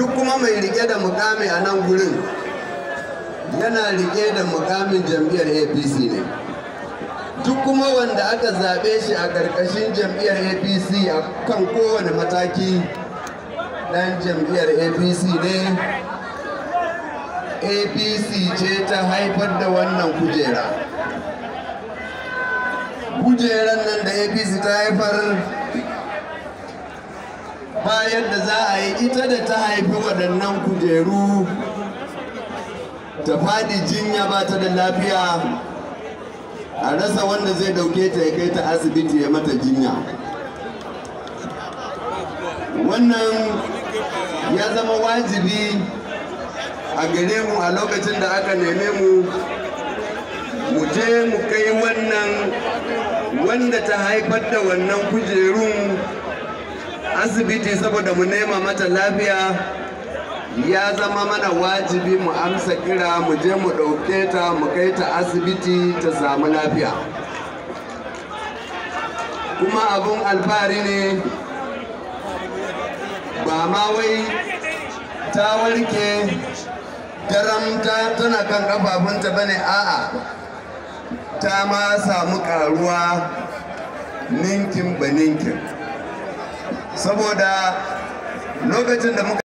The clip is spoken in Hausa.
duk kuma mai rike da mukami a nan gurin yana rike da mukamin jam'iyyar apc ne duk kuma wanda aka zaɓe shi a ƙarƙashin jam'iyyar apc a kan kowane mataki ɗan jam'iyyar apc ne apc ce ta haifar da wannan kujera kujeran nan da apc ta haifar bayan da za a yi ita da ta haifi waɗannan kujeru ta faɗi jinya ba ta da lafiya a rasa wanda zai ɗauke ta ya kai ta asibiti ya mata jinya wannan ya zama wajibi a gare mu a lokacin da aka neme mu mu je mu kai wannan wanda ta haifar da wannan kujerun asibiti saboda mu nema mata lafiya ya zama mana wajibi mu amsa kira mu je mu ɗauke ta mu kai ta asibiti ta samu lafiya kuma abun alfahari ne ba ma wai ta warke ta tana kan kafafunta bane a'a ta ma samu ƙaruwa ninkin ba ninkin saboda lokacin da muka